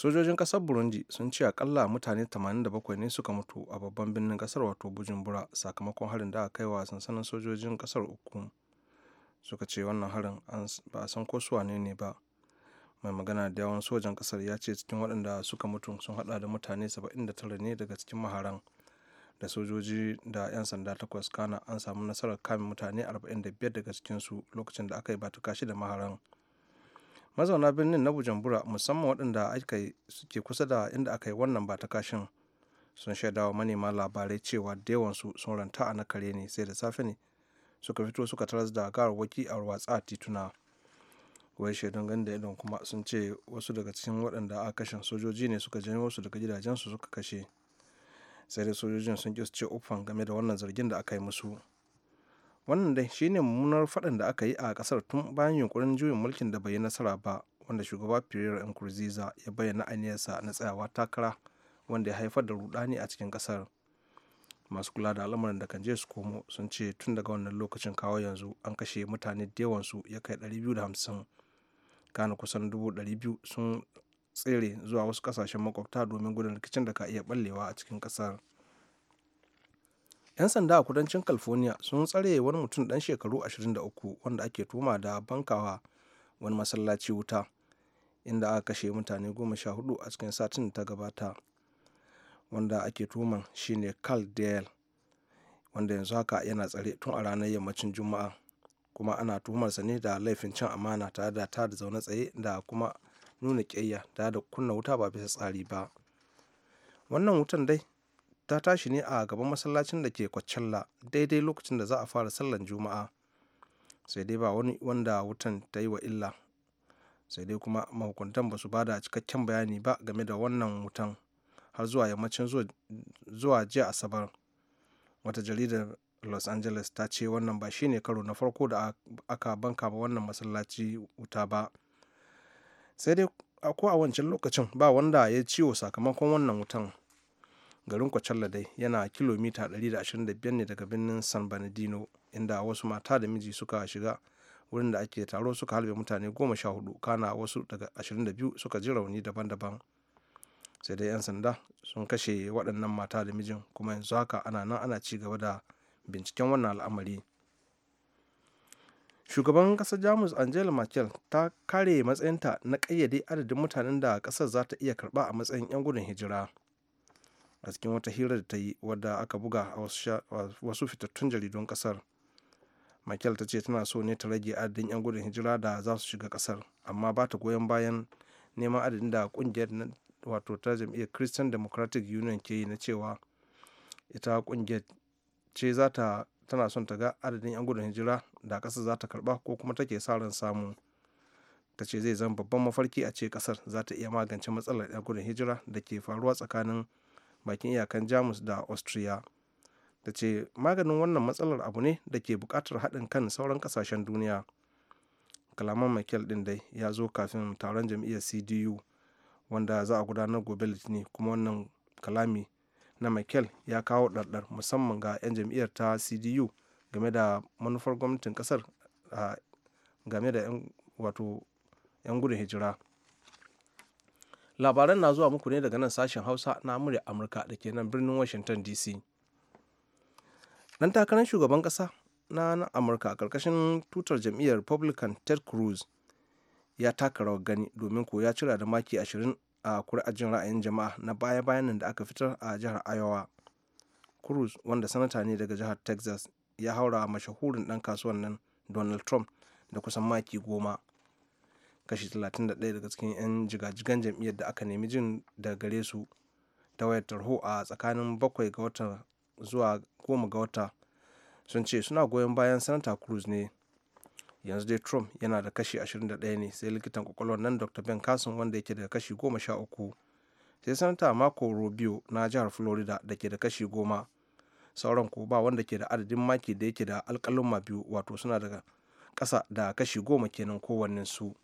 sojojin kasar burundi sun ce akalla mutane 87 ne suka mutu a babban birnin kasar wato bujumbura sakamakon harin da aka kai wa sansanin sojojin kasar uku suka ce wannan harin ba a san ko su ne ba mai magana da yawan sojan kasar ya ce cikin waɗanda suka mutu sun hada da mutane 79 ne daga cikin maharan da sojoji da 'yan sanda takwas kana an samu nasarar kamin mutane 45 daga cikinsu lokacin da aka yi batuka shi da maharan mazauna birnin na bujumbura musamman waɗanda suke kusa da inda aka yi wannan ba ta kashin sun shaidawa manema labarai cewa da yawansu sun ranta a na kare ne sai da safe ne suka fito suka taras da garwaki a watsa a tituna wai shaidun ganin da idan kuma sun ce wasu daga cikin waɗanda aka kashin sojoji ne suka janyo wasu daga gidajensu suka kashe sai dai sojojin sun ƙi su ce uffan game da wannan zargin da aka yi musu wannan dai shine mummunar faɗan da aka yi a kasar tun bayan yunkurin juyin mulkin da bai yi nasara ba wanda shugaba pierre nkurunziza ya bayyana aniyarsa na tsayawa takara wanda ya haifar da rudani a cikin kasar. masu kula da al'amuran da kan je su komo sun ce tun daga wannan lokacin kawo yanzu an kashe mutane da su ya kai 250 kana kusan 200 sun tsere zuwa wasu kasashen makwabta domin gudun rikicin da ka iya ballewa a cikin kasar. 'yan sanda a kudancin california sun tsare wani mutum dan shekaru 23 wanda ake tuma da bankawa wani masallaci wuta inda aka kashe mutane goma sha hudu a cikin satin da ta gabata wanda ake tuman shine carl dale wanda yanzu haka yana tsare tun a ranar yammacin juma'a kuma ana tuhumarsa ne da laifin cin amana tare da ta da zaune tsaye da kuma nuna ƙiyayya tare da kunna wuta ba bisa tsari ba wannan wutan dai ta tashi ne a gaban masallacin da ke kwacalla daidai lokacin da za a fara sallan Juma'a. Sai dai ba wani wanda wutan ta yi wa illa. Sai dai kuma mahukuntan ba su ba da cikakken bayani ba game da wannan wutan har zuwa yammacin zuwa jiya Asabar. Wata jaridar Los Angeles ta ce wannan ba shine karo na farko da aka banka ba wannan masallaci wuta ba. Sai dai ko a wancan lokacin ba wanda ya ciwo sakamakon wannan wutan garin kwacalla dai yana kilomita 125 ne daga birnin San Bernardino inda wasu mata da miji suka shiga wurin da ake taro suka halbe mutane goma sha hudu kana wasu daga 22 suka ji rauni daban-daban sai dai 'yan sanda sun kashe waɗannan mata da mijin kuma yanzu haka ana nan ana ci gaba da binciken wannan al'amari shugaban ƙasar jamus angela merkel ta kare matsayinta na ƙayyade adadin mutanen da ƙasar za ta iya karɓa a matsayin 'yan gudun hijira a cikin wata hira da ta yi wadda aka buga a wasu fitattun jaridun kasar michael ta ce tana so ne ta rage adadin 'yan gudun hijira da za su shiga kasar amma ba ta goyon bayan neman adadin da kungiyar wato ta jam'iyyar christian democratic union ke yi na cewa ita kungiyar ce za ta tana son ta ga adadin 'yan gudun hijira da kasar za ta karba ko kuma take sa ran samu ta ce zai zama babban mafarki a ce kasar za ta iya magance matsalar 'yan gudun hijira da ke faruwa tsakanin bakin iyakan jamus da austria da ce maganin wannan matsalar abu ne da ke bukatar haɗin kan sauran ƙasashen duniya kalaman michael ɗin dai ya zo kafin taron jam'iyyar cdu wanda za a gudanar gobe litinin kuma wannan kalami na michael ya kawo ɗarɗar musamman ga 'yan jam'iyyar ta cdu game da manufar gwamnatin ƙasar game da 'yan gudun hijira labaran na zuwa muku ne daga nan sashen hausa na murya amurka da ke nan birnin washington dc dan takarar shugaban kasa na amurka a karkashin tutar jam'iyyar republican ted cruz ya taka rawar gani domin ko ya cira da maki 20 a kuri'ar jin ra'ayin jama'a na baya-bayan nan da aka fitar a jihar iowa cruz wanda sanata ne daga jihar texas ya haura mashahurin dan kasuwan nan donald trump da kusan maki goma kashi 31 daga cikin 'yan jigajigan jam'iyyar da aka nemi jin da gare su ta wayar tarho a tsakanin bakwai ga wata zuwa 10 ga wata sun ce suna goyon bayan sanata cruz ne yanzu dai trump yana da kashi 21 ne sai likitan kwakwalwar nan dr ben carson wanda yake da kashi 13 sai sanata marco rubio na jihar florida da ke da kashi 10 sauran ko ba wanda ke da adadin maki da yake da alkalin biyu wato suna daga ƙasa da kashi goma kenan kowannen su.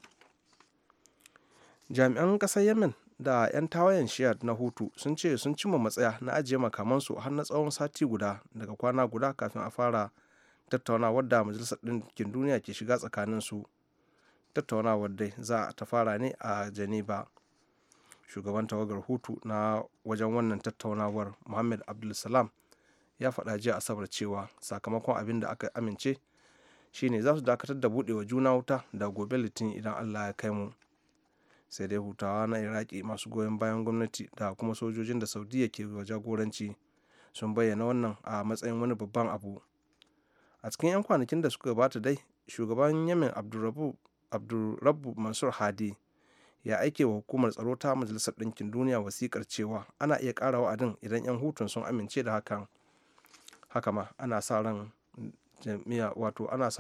jami'an ƙasar yemen da 'yan tawayen shiyar na hutu sun ce sun cimma matsaya na ajiye makamansu har na tsawon sati guda daga kwana guda kafin a fara tattaunawar da majalisar ɗinkin duniya ke shiga tsakanin su tattaunawar dai za ta fara ne a geneva shugaban tawagar hutu na wajen wannan tattaunawar muhammad abdulsalam ya faɗa jiya asabar cewa sakamakon abin da aka amince shine za su dakatar da buɗewa juna wuta da gobe litinin idan allah ya kai mu sai dai hutawa na iraki masu goyon bayan gwamnati da kuma sojojin da saudiya ke wa jagoranci sun bayyana wannan a matsayin wani babban abu a cikin 'yan kwanakin da suka gabata dai shugaban yamin abdurrabu mansur hadi ya aike wa hukumar tsaro ta majalisar ɗinkin duniya wasikar cewa ana iya ƙara wa'adin idan 'yan hutun sun amince da hakan haka ma ana sa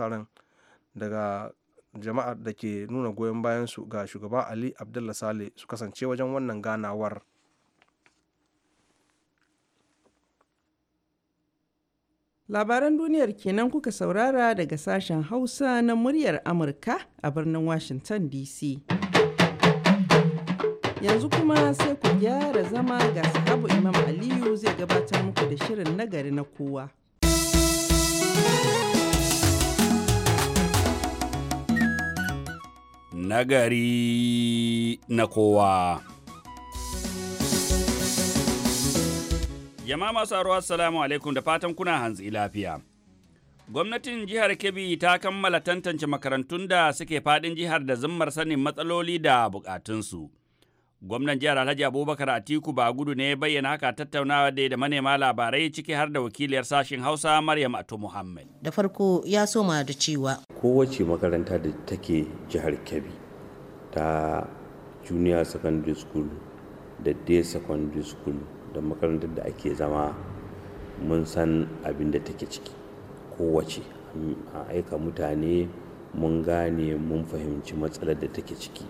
ran daga jama'ar da ke nuna goyon bayansu ga shugaba ali abdullah sale su kasance wajen wannan ganawar labaran duniyar kenan kuka saurara daga sashen hausa na muryar amurka a birnin washington dc yanzu kuma sai ku gyara zama ga sahabu imam aliyu zai gabatar muku da shirin nagari na kowa nagari na kowa. Yama masu aro assalamu alaikum da fatan kuna hanzi lafiya. Gwamnatin jihar Kebbi ta kammala tantance makarantun da suke faɗin jihar da zummar sanin matsaloli da bukatunsu. Gwamnan jihar Alhaji Abubakar Atiku ba gudu ne bayyana haka tattaunawa da da manema labarai ciki har da wakiliyar sashen Hausa Maryam Ato Muhammad. Da farko ya soma da cewa. Kowace makaranta da take jihar Kebbi ta Junior Secondary School da Day Secondary School da makarantar da ake zama mun san abin da take ciki kowace a aika mutane mun gane mun fahimci matsalar da take ciki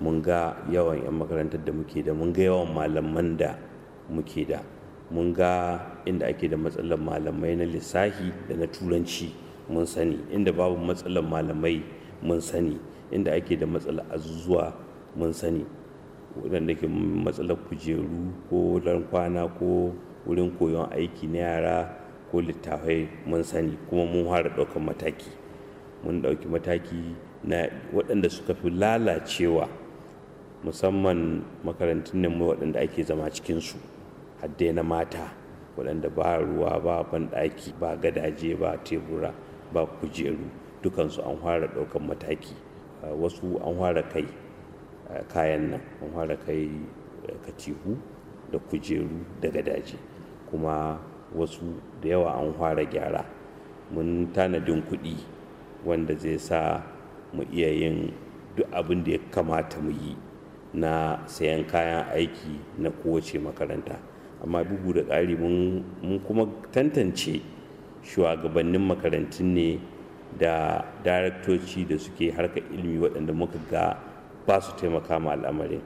mun ga yawan 'yan makarantar da muke da mun ga yawan malaman da muke da mun ga inda ake da matsalar malamai na lissahi da na turanci mun sani inda babu matsalar malamai mun sani inda ake da matsalar azuzuwa mun sani waɗanda ke matsalar kujeru ko wurin kwana ko wurin koyon aiki na yara ko littafai mun sani kuma mun fara ɗaukar mataki mun ɗauki mataki na waɗanda suka fi lalacewa musamman makarantun ne mu waɗanda ake zama cikinsu hadde na mata waɗanda ba ruwa ba banɗaki ba gadaje ba tebura ba kujeru dukansu an fara ɗaukan mataki ah, wasu an fara kai ah, kayan nan an fara kai eh, katihu da kujeru da gadaje kuma wasu da yawa an fara gyara mun tanadin kuɗi wanda zai sa mu iya yin duk abin da ya kamata mu yi na sayan kayan aiki na kowace makaranta amma bugu da ƙari mun kuma tantance shugabannin makarantun ne da daraktoci da suke harka ilimi waɗanda muka ga ba su taimaka ma al'amarin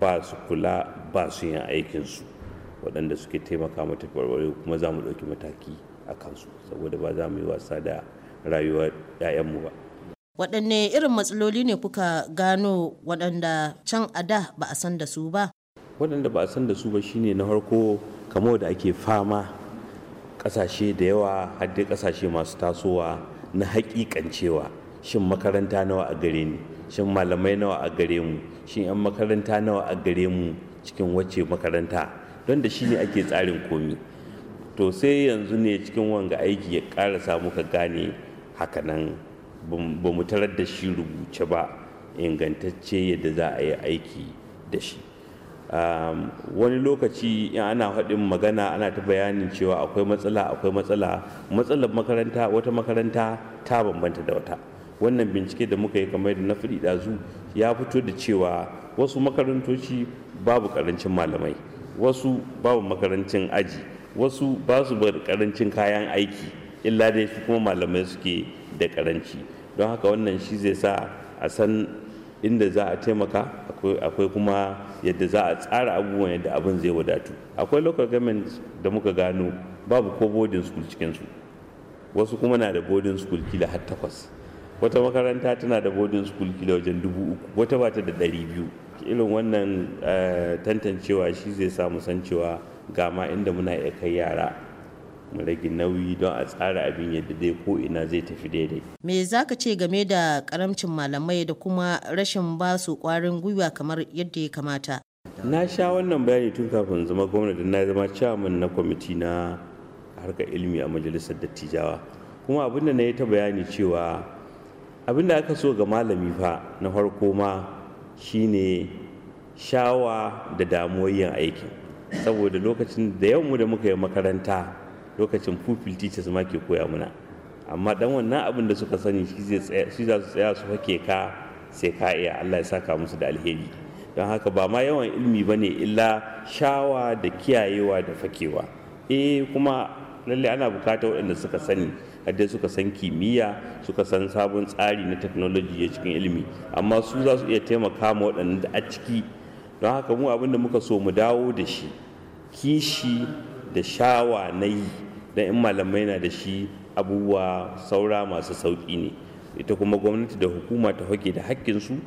ba su kula ba su yin aikinsu waɗanda suke taimaka mata farware kuma za mu ɗauki mataki a kansu saboda ba za mu yi wasa da rayuwar 'ya'yanmu ba waɗanne irin matsaloli ne kuka gano waɗanda can a da ba a san da su ba waɗanda ba a san da su ba shine na farko kamar da ake fama ƙasashe da yawa haddai ƙasashe masu tasowa na haƙiƙancewa shin makaranta nawa a gare ni shin malamai nawa a gare mu shin 'yan makaranta nawa a gare mu cikin wacce makaranta don da shine ake tsarin komi to sai yanzu ne cikin wanga aiki ya ƙarasa muka ka gane hakanan ba mu tarar da shi rubuce ba ingantacce yadda za a yi aiki da shi wani lokaci in ana haɗin magana ana ta bayanin cewa akwai matsala akwai matsala matsalar makaranta wata makaranta ta bambanta da wata wannan bincike da muka yi kamar da na ɗazu ya fito da cewa wasu makarantoci babu karancin malamai wasu babu makarancin aji wasu ba su karancin kayan aiki illa dai su kuma malamai suke da karanci don haka wannan shi zai sa a san inda za a taimaka akwai kuma yadda za a tsara abubuwan yadda abin zai wadatu akwai local government da muka gano babu ko boarding school cikinsu wasu kuma na da boarding school kila har takwas wata makaranta tana da boarding school kila wajen dubu uku wata bata da ɗari biyu irin wannan eh, tantancewa shi zai samu san cewa gama inda muna iya kai yara mu rage nauyi don a tsara abin yadda dai ko ina zai tafi daidai. Me za ka ce game da karamcin malamai da kuma rashin ba su kwarin gwiwa kamar yadda ya kamata? Na sha wannan bayani tun kafin zama gwamna na zama chairman na kwamiti na harkar ilimi a majalisar dattijawa. Kuma abin da na yi ta bayani cewa abin da aka so ga malami fa na farko ma shine shawa da damuwar yin aiki. Saboda lokacin da yau mu da muka yi makaranta lokacin pupil teachers ma ke koya muna amma dan wannan abin da suka sani shi za su tsaya su hake ka sai ka iya Allah ya saka musu da alheri don haka ba ma yawan ilimi ne illa shawa da kiyayewa da fakewa eh kuma lallai ana bukatar waɗanda suka sani hadda suka san kimiyya suka san sabon tsari na technology ya cikin ilimi amma su za su iya taimaka ma waɗanda a ciki don haka mu abin da muka so mu dawo da shi kishi da shawa na yi don in malamai na da shi abubuwa saura masu sauƙi ne ita kuma gwamnati da hukuma ta hake da haƙƙinsu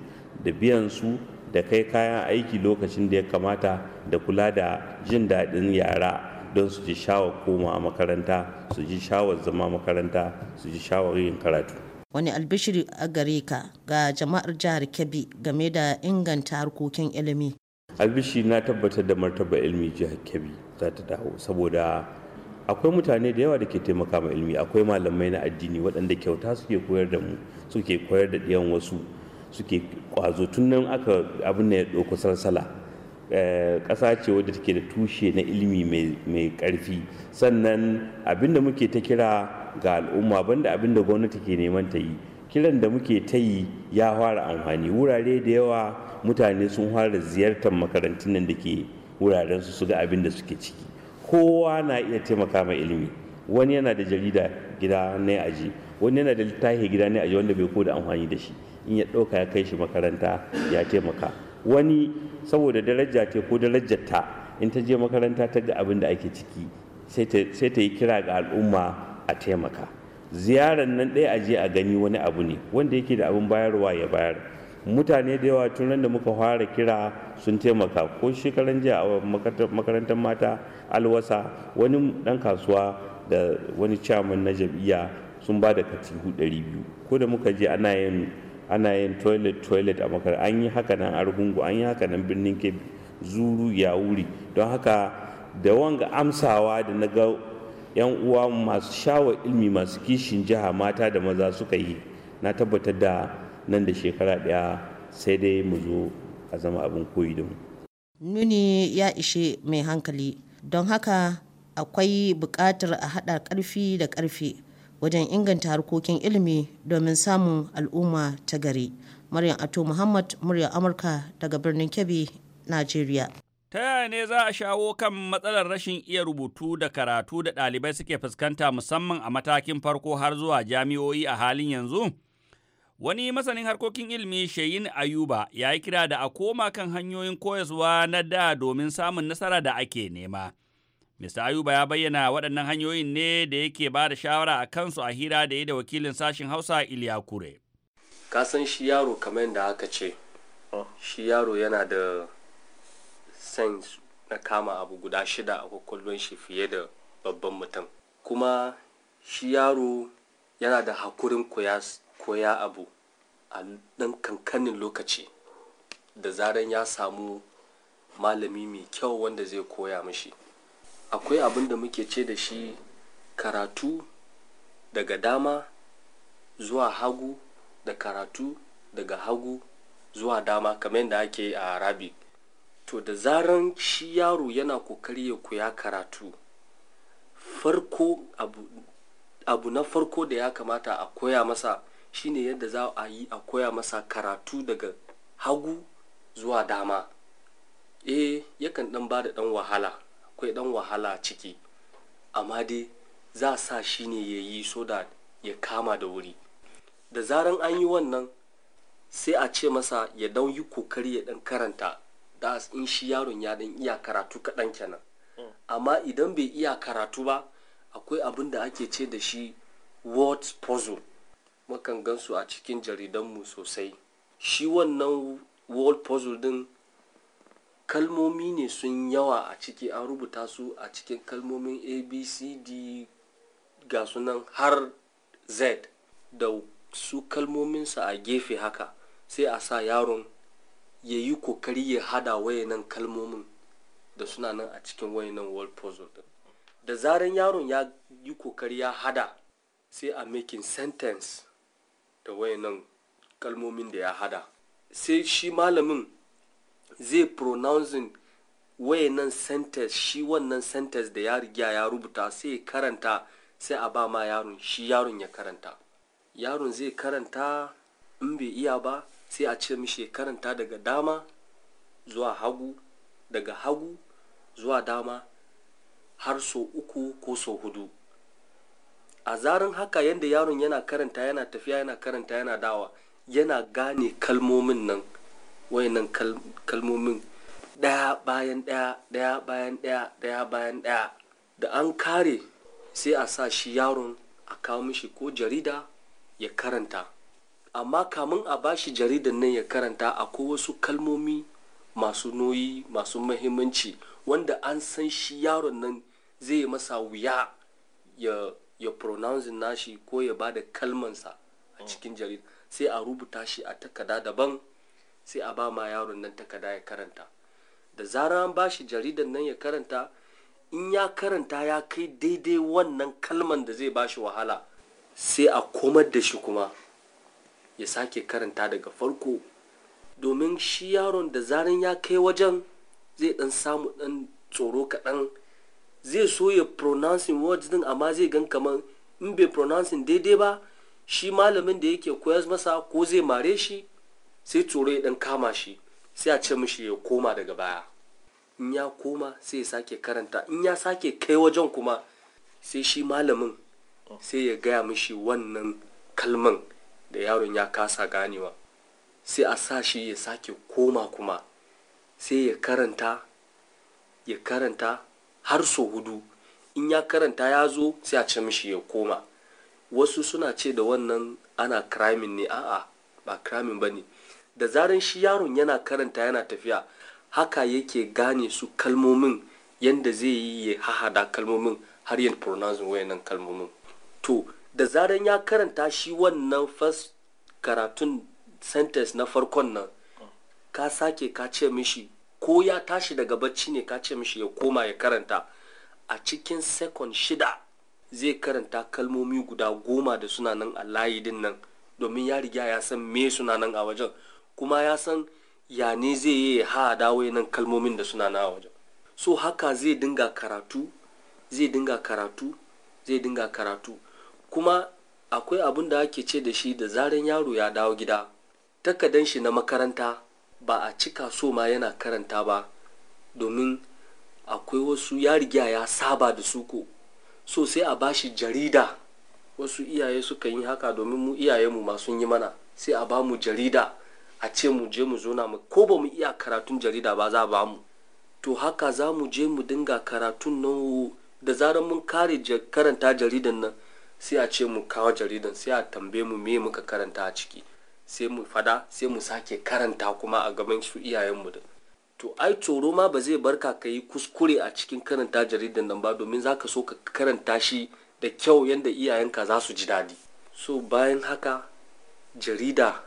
da biyan su da kai kayan aiki lokacin da ya kamata da kula da jin daɗin yara don su ji shawar koma a makaranta su ji shawar zama makaranta su ji shawar yin karatu wani albishiri a gare ka ga jama'ar jihar kebbi game da inganta harkokin ilimi albishi na tabbatar da martaba ilimi jihar kebbi za ta dawo saboda akwai mutane da yawa da ke taimaka ma ilimi akwai malamai na addini waɗanda kyauta suke koyar da mu suke koyar da ɗiyan wasu suke ƙwazo. tun nan aka abin da ya ɗauko salsala eh, ƙasa ce wadda take da tushe na ilimi mai ƙarfi sannan abin da muke ta kira ga al'umma banda abin da gwamnati ke neman ta yi kiran da muke ta yi ya fara amfani wurare da yawa mutane sun fara ziyartar makarantun nan da ke wurarensu su ga abin da suke ciki kowa na iya taimaka mai ilimi wani yana da jarida gida ne aji wani yana da littafi gida ne aji wanda bai ko da amfani da shi in ya ɗauka ya kai shi makaranta ya taimaka wani saboda daraja ce ko darajar ta in ta je makaranta ta ga abin da ake ciki sai ta yi kira ga al'umma a taimaka ziyarar nan ɗaya aje a gani wani abu ne wanda yake da abin bayarwa ya bayar mutane da yawa tun da muka fara kira sun taimaka ko shekaran jiya a makarantar mata alwasa wani dan kasuwa da wani chairman na jam'iyya sun ba da katihu 200 ko da muka je ana yin yin toilet toilet a makar an yi haka nan argungu an yi haka nan birnin kebbi zuru ya wuri don haka da wanga amsawa da na ga yan uwa masu shawa ilmi masu kishin jiha mata da maza suka yi na tabbatar da nan da shekara ɗaya sai dai mu zo a zama abin koyi da nuni ya ishe mai hankali don haka akwai buƙatar a haɗa ƙarfi da ƙarfe wajen inganta harkokin ilimi domin samun al'umma ta gari maryam ato muhammad murya amurka daga birnin kebbi najeriya ta yaya ne za a shawo kan matsalar rashin iya rubutu da karatu da ɗalibai suke fuskanta musamman a matakin farko har zuwa jami'o'i a halin yanzu Wani masanin harkokin ilimi Shayin Ayuba ya yi kira da a koma kan hanyoyin koyaswa na da domin samun nasara da ake nema. Mr. Ayuba ya bayyana waɗannan hanyoyin ne da yake ba da shawara a kansu a hira da yi da wakilin sashen Hausa Iliya Kure. Ka san shi yaro kamar da aka ce, oh. shi yaro yana da sense na kama abu guda shida a kwakwalwar shi fiye da babban mutum. Kuma shi yaro yana da hakurin koyas koya abu a ɗan kankanin lokaci da zaran ya samu malami mai kyau wanda zai koya mashi akwai abin da muke ce da shi karatu daga dama zuwa hagu da karatu daga hagu zuwa dama kamar yadda ake a arabic to da zaran shi yaro yana kokari ya koya karatu farko abu na farko da ya kamata a koya masa shine yadda za a yi a koya masa karatu daga hagu zuwa dama eh yakan dan ba da dan wahala akwai dan wahala ciki amma dai za a sa shi ne ya yi so da ya kama da wuri da zaran an yi wannan sai a ce masa ya dan yi kokari ya dan karanta da in shi yaron ya dan iya karatu kaɗan kenan amma idan bai iya karatu ba akwai abin da ake ce da shi word puzzle makan gansu a cikin jaridan mu sosai shi wannan wall puzzle din kalmomi ne sun yawa a ciki an rubuta su a cikin kalmomin abcd ga sunan har z da su kalmominsa a gefe haka sai a sa yaron ya yi kokari ya hada wayanan kalmomin da suna nan a cikin wayanan wall puzzle din da zaran yaron ya yi kokari ya hada sai a making sentence da wayannan kalmomin da ya hada sai shi malamin zai pronouncing wayannan sentence shi wannan sentence da ya riga ya rubuta sai karanta sai a ba ma yaron shi yaron ya karanta yaron zai karanta in bai iya ba sai a ce mishi karanta daga dama zuwa hagu daga hagu zuwa dama har so uku ko so hudu a zarin haka yadda yaron yana karanta yana tafiya yana karanta yana dawa yana gane kalmomin nan wayannan kalmomin ɗaya bayan ɗaya ɗaya bayan ɗaya ɗaya bayan ɗaya da an kare sai a sa shi yaron a kawo mishi ko jarida ya karanta amma kamun a bashi jaridan nan ya karanta akwai wasu kalmomi masu noyi masu mahimmanci wanda an san shi yaron nan zai masa wuya ya ya pronouncing nashi ko ya ba da kalmansa a mm. cikin jarida sai a rubuta shi a takada daban sai a ba ma yaron nan takada ya karanta da zaran an ba shi jaridan nan ya karanta in ya karanta ya kai daidai wannan kalman da zai ba shi wahala sai a komar da shi kuma ya sake karanta daga farko domin shi yaron da zaran ya kai wajen zai dan samu dan tsoro kaɗan zai so ya pronouncing words din amma zai gan kamar in bai pronouncing daidai ba shi malamin da yake koyar masa ko zai mare shi sai tsoro ya dan kama shi sai a ce mishi ya koma daga baya in ya koma sai ya sake karanta in ya sake kai wajen kuma sai shi malamin sai ya gaya mishi wannan kalman da yaron ya kasa ganewa sai a sa shi ya sake koma kuma sai ya karanta ya karanta har so hudu in ya karanta ya zo sai a ce mishi ya koma wasu suna ce da wannan ana kramin ne a'a ba kramin ba ne da zaran shi yaron yana karanta yana tafiya haka yake gane su kalmomin yadda zai yi ya hahada kalmomin har yin pronouncing wayannan kalmomin to da zaran ya karanta shi wannan first karatun sentence na farkon nan ka sake ka ce mishi ko ya tashi daga bacci ne ka ce mishi ya koma ya karanta a cikin sekon shida zai karanta kalmomi guda goma da sunanan nan a din nan domin ya riga ya san me suna nan a wajen kuma ya san ya ne zai yi ha dawo nan kalmomin da suna nan a wajen so haka zai dinga karatu zai dinga karatu zai dinga karatu kuma akwai abin da ake ce da shi da zaren yaro ya dawo gida takadan shi na makaranta ba a cika so ma yana karanta ba domin akwai wasu ya riga ya saba da su ko so sai a bashi jarida wasu iyaye suka yi haka domin mu iyayenmu ma sun yi mana sai a bamu jarida a ce mu je mu zo na mu ko ba mu iya karatun jarida ba za a bamu to haka za mu je mu dinga karatun nan da zarar mun kare karanta jaridan nan sai a ce mu kawo jaridan sai a tambaye mu me muka karanta a ciki sai mu fada sai mu sake karanta kuma a gaban su iyayenmu da to ai tsoro ma ba zai barka ka yi kuskure a cikin karanta jaridan nan ba domin za ka so ka karanta shi da kyau yadda iyayenka za su ji daɗi so bayan haka jarida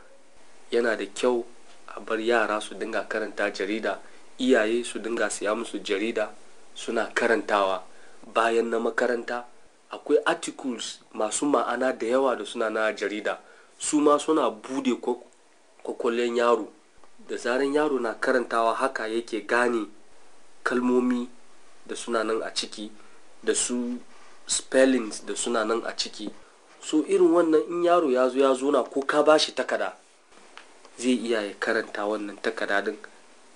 yana da kyau a bar yara su dinga karanta jarida iyaye su dinga siya musu jarida suna karantawa bayan na makaranta akwai articles masu ma'ana da yawa da suna na jarida su ma suna bude kwakwalen yaro da zaran yaro na karantawa haka yake gane kalmomi da suna nan a ciki da su spellings da suna nan a ciki so irin wannan in yaro ya zo ya zo na ko ka bashi takada zai iya ya karanta wannan takada din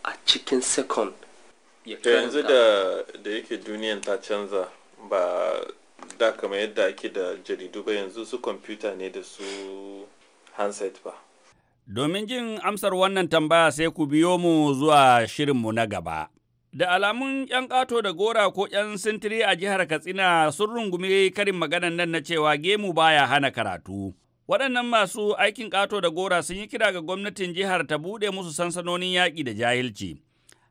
a cikin second ya karanta yanzu da yake duniyan ta canza ba da kamar yadda ake da jaridu ba yanzu su kwamfuta ne da su handset ba. Domin jin amsar wannan tambaya sai ku biyo mu zuwa shirinmu na gaba. Da alamun ‘yan ƙato da gora ko ‘yan sintiri a jihar Katsina sun rungumi karin maganan nan na cewa gemu baya hana karatu. Waɗannan masu aikin ƙato da gora sun yi kira ga gwamnatin jihar ta buɗe musu sansanonin yaƙi da jahilci.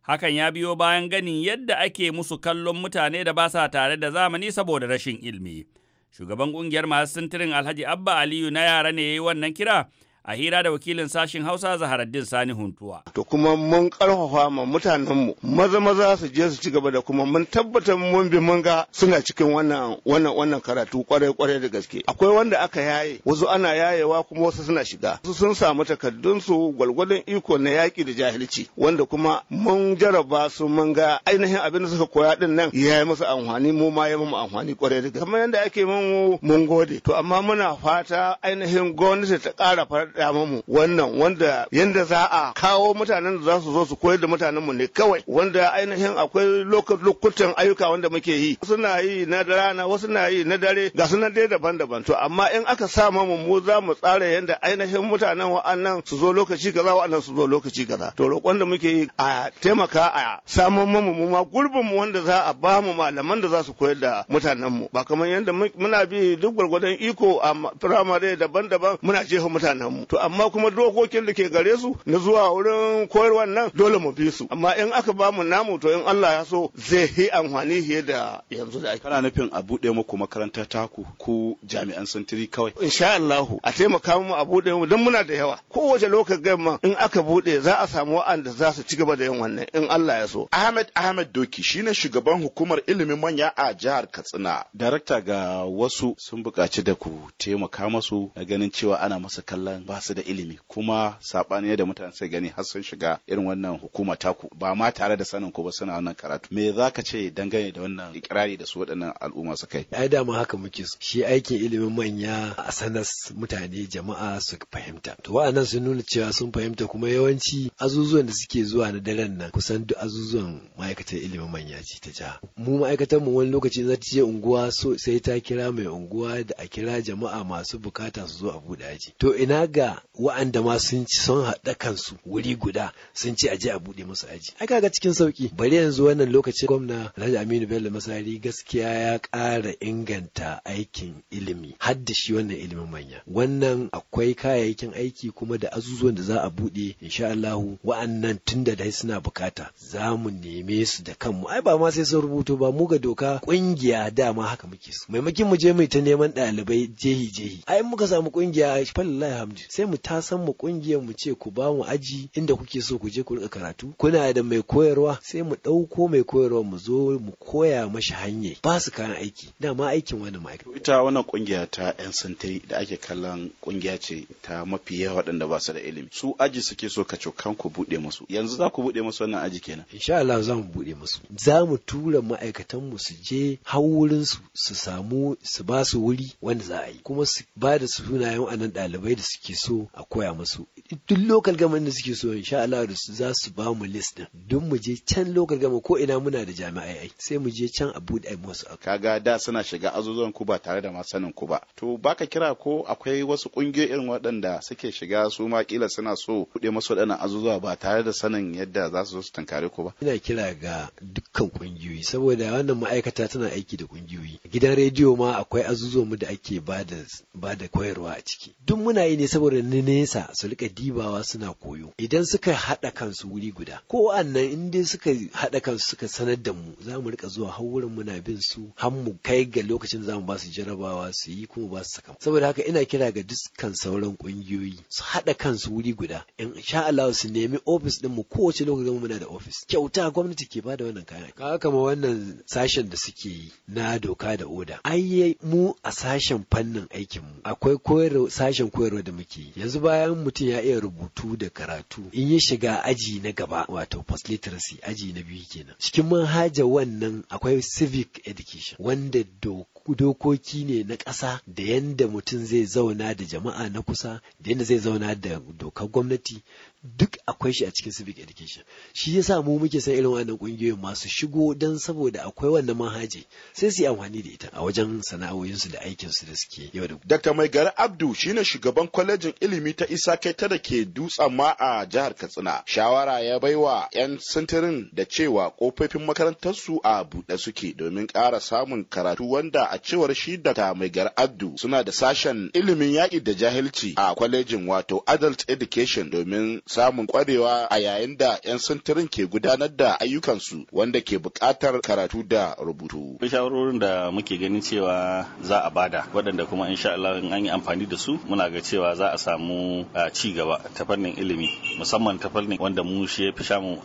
Hakan ya biyo bayan ganin yadda ake musu kallon mutane da ba sa tare da zamani saboda rashin ilimi. Shugaban ƙungiyar masu sintirin Alhaji Abba Aliyu na yara ne ya yi wannan kira a hira da wakilin sashen Hausa Zaharaddin Sani Huntuwa. To kuma mun karfafa ma mutanenmu maza maza su je su ci gaba da kuma mun tabbatar mun bi mun ga suna cikin wannan wannan wannan karatu kwarai kwarai da gaske. Akwai wanda aka yaye wasu ana yayewa kuma wasu suna shiga. Su sun samu takardun su gwalgwadon iko na yaki da jahilci wanda kuma mun jaraba su mun ga ainihin abin da suka koya din nan ya yi musu amfani mu ma ya mu amfani kwarai da gaske. Kamar yadda ake mun mun gode. To amma muna fata ainihin gwamnati ta ƙara faɗa mamu wannan wanda yanda za a kawo mutanen da za su zo su koyar da mutanen mu ne kawai wanda ainihin akwai lokutan ayyuka wanda muke yi wasu na yi na rana wasu na yi na dare ga su na dai daban-daban to amma in aka sa mamu mu za mu tsara yanda ainihin mutanen wa'annan su zo lokaci kaza wa'annan su zo lokaci kaza to roƙon da muke yi a taimaka a samun mamu mu ma gurbin mu wanda za a ba mu malaman da za su koyar da mutanen mu ba kamar yanda muna bi duk gwargwadon iko a firamare daban-daban muna jefa mutanen mu mu to amma kuma dokokin da ke gare su na zuwa wurin koyarwan nan dole mu bi su amma in aka ba mu namu to in Allah ya so zai yi amfani fiye da yanzu da ake kana nufin a buɗe muku makarantar taku ku jami'an santiri kawai insha Allah a taimaka mu a buɗe mu dan muna da yawa kowace lokacin gamma in aka buɗe za a samu wa'anda za su ci gaba da yin wannan in Allah ya so Ahmed Ahmed Doki shine shugaban hukumar ilimin manya a jihar Katsina darakta ga wasu sun buƙaci da ku taimaka masu ganin cewa ana masa kallon ba su da ilimi kuma saɓani da mutane sai gani har sun shiga irin wannan hukuma taku ba ma tare da sanin ko ba suna wannan karatu me za ka ce dangane da wannan ikirari da su waɗannan al'umma su kai ai dama haka muke shi aikin ilimin manya a sanas mutane jama'a su fahimta to wa'annan sun nuna cewa sun fahimta kuma yawanci azuzuwan da suke zuwa na daren nan kusan duk azuzuwan ma'aikatar ilimin manya ce ta ja mu ma'aikatar mu wani lokaci za ta je unguwa sai ta kira mai unguwa da a kira jama'a masu bukata su zo a buɗe aji to ina ga wa'anda ma sun sun haɗa kansu wuri guda sun ci aje a buɗe musu aji ai kaga cikin sauki bari yanzu wannan lokacin gwamna Alhaji Aminu Bello Masari gaskiya ya ƙara inganta aikin ilimi har da shi wannan ilimin manya wannan akwai kayayyakin aiki kuma da azuzuwan da za a buɗe insha Allah wa'annan da dai suna bukata za mu neme su da kanmu ai ba ma sai sun rubuto ba mu ga doka ƙungiya, dama haka muke su maimakin mu je mu ta neman ɗalibai jehi jehi ai muka samu ƙungiya? kungiya fallahi hamdu sai mu tasan mu kungiyar mu ce ku ba mu aji inda kuke so ku je ku rika karatu kuna da mai koyarwa sai mu ɗauko mai koyarwa mu zo mu koya mashi hanya ba su kayan aiki ma aikin wani ma'aikata. ita wannan kungiya ta yan santai da ake kallon kungiya ce ta mafi yawa waɗanda ba su da ilimi su aji suke so ka cokan ku buɗe musu yanzu za ku buɗe musu wannan aji kenan. insha Allah za mu buɗe musu za mu tura ma'aikatan mu su je hawurin su su samu su ba su wuri wanda za a yi kuma su ba da sunayen anan ɗalibai da suke su a koya musu duk lokal gaman da suke so sha Allah da su za su ba mu list din don mu je can lokal gama ko ina muna da jami'ai ai sai mu je can a ai musu kaga da suna shiga azuzuwan ku ba tare da ma sanin ku ba to baka kira ko akwai wasu kungiyoyi irin waɗanda suke shiga su ma kila suna so buɗe masu waɗannan azuzuwa ba tare da sanin yadda za su zo su tankare ku ba ina kira ga dukkan kungiyoyi saboda wannan ma'aikata tana aiki da kungiyoyi gidan rediyo ma akwai azuzuwan mu da ake ba da koyarwa a ciki duk muna yi ne saboda nesa su rika dibawa suna koyo idan suka haɗa kansu wuri guda ko wa'annan in dai suka haɗa kansu suka sanar da mu za mu rika zuwa har wurin muna bin su har mu kai ga lokacin za mu ba su jarabawa su yi kuma ba su saka saboda haka ina kira ga dukkan sauran ƙungiyoyi su haɗa kansu wuri guda in sha Allah su nemi ofis din mu kowace lokacin muna da ofis kyauta gwamnati ke bada wannan kayan kaga kama wannan sashen da suke yi na doka da oda ai mu a sashen fannin aikin mu akwai koyarwa sashen koyarwa da muke yanzu bayan mutum ya iya rubutu da karatu in ya shiga aji na gaba wato post literacy aji na biyu kenan cikin manhaja wannan akwai civic education wanda doka dokoki ne na ƙasa da yadda mutum zai zauna da jama'a na kusa da yadda zai zauna da dokar gwamnati duk akwai shi a cikin civic education shi yasa mu muke san irin wannan ƙungiyoyin masu shigo don saboda akwai wannan manhaji sai su yi amfani da ita a wajen sana'o'insu da aikinsu da suke yau da Dr. Mai Gari Abdu shine shugaban kwalejin ilimi ta Isa kai ta da ke dutsen ma a jihar Katsina shawara ya bai wa 'yan sintirin da cewa kofofin makarantarsu a buɗe suke domin ƙara samun karatu wanda a cewar shi da mai gar Abdu suna da sashen ilimin yaƙi da jahilci a kwalejin wato adult education domin samun kwarewa a yayin da 'yan sintirin ke gudanar da ayyukansu wanda ke buƙatar karatu da rubutu. shawarorin da muke ganin cewa za a bada waɗanda kuma insha Allah an yi amfani da su muna ga cewa za a samu ci gaba ta fannin ilimi musamman ta fannin wanda mu shi ya shamu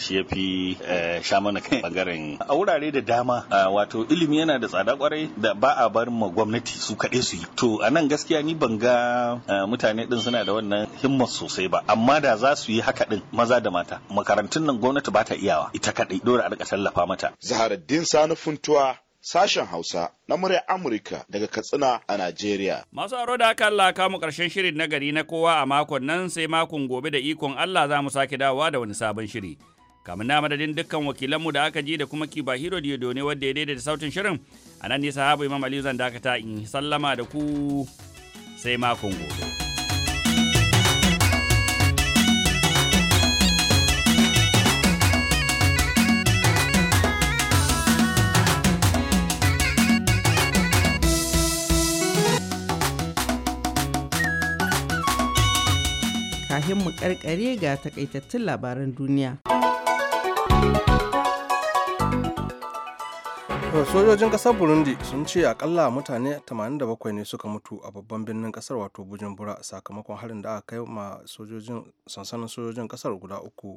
shi ya fi sha mana bangaren a wurare da dama wato ilimi yana da tsada kwarai da ba a bar ma gwamnati su kaɗai su yi to a nan gaskiya ni ban ga eh, mutane din suna da wannan himmar sosai ba amma da za su yi haka din maza da mata makarantun nan gwamnati ba ta iyawa ita kaɗai dole a rika tallafa mata zaharaddin sani funtuwa sashen Hausa na muryar Amurka daga Katsina a Najeriya. Masu aro da aka Allah kamu karshen shirin na gari na kowa a makon nan sai makon gobe da ikon Allah za mu sake dawowa da wani sabon shiri. Kamun na madadin dukkan wakilanmu da aka ji da kuma kiba hero da ne wadda ya daidaita sautin shirin. A nan ne sahabu Imam Aliyu zan dakata in sallama da ku sai makon gobe. kahin mu karkare ga takaitattun labaran duniya. sojojin kasar burundi sun ce akalla mutane 87 ne suka mutu a babban birnin kasar wato bujumbura sakamakon harin da aka kai ma sansanin sojojin kasar guda uku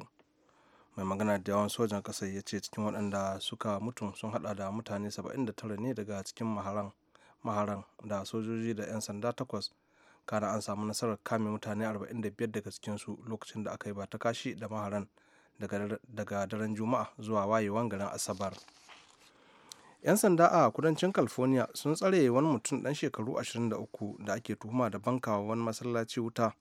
mai magana da yawan sojan kasar ya ce cikin waɗanda suka mutu sun hada da mutane 79 ne daga cikin maharan da sojoji da 'yan sanda takwas kana an samu nasarar kame mutane 45 daga cikinsu lokacin da aka yi ba ta kashi da maharan daga daren juma'a zuwa wayewan garin asabar. 'yan sanda a kudancin california sun tsare wani mutum dan shekaru 23 da ake tuhuma da bankawa wani masallaci wuta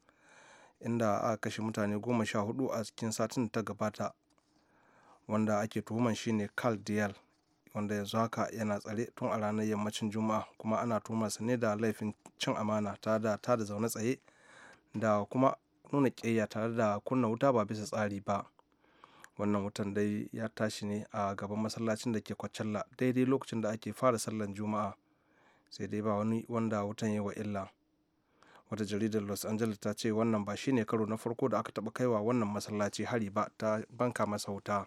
inda aka kashe mutane goma sha hudu a cikin satin ta gabata wanda ake tuhuman shine carl dial wanda yanzu haka yana tsare tun a ranar yammacin juma'a kuma ana tuhumarsa ne da laifin cin amana tare da ta da zaune tsaye da kuma nuna ƙiyayya tare da kunna wuta ba bisa tsari ba wannan watan dai ya tashi ne a gaban masallacin da ke kwacalla daidai lokacin da ake fara sallan juma'a sai dai ba wani wanda wutan yi wa illa wata jaridar los angeles ta ce wannan ba ne karo na farko da aka taba kaiwa wannan masallaci hari ba ta banka masa wuta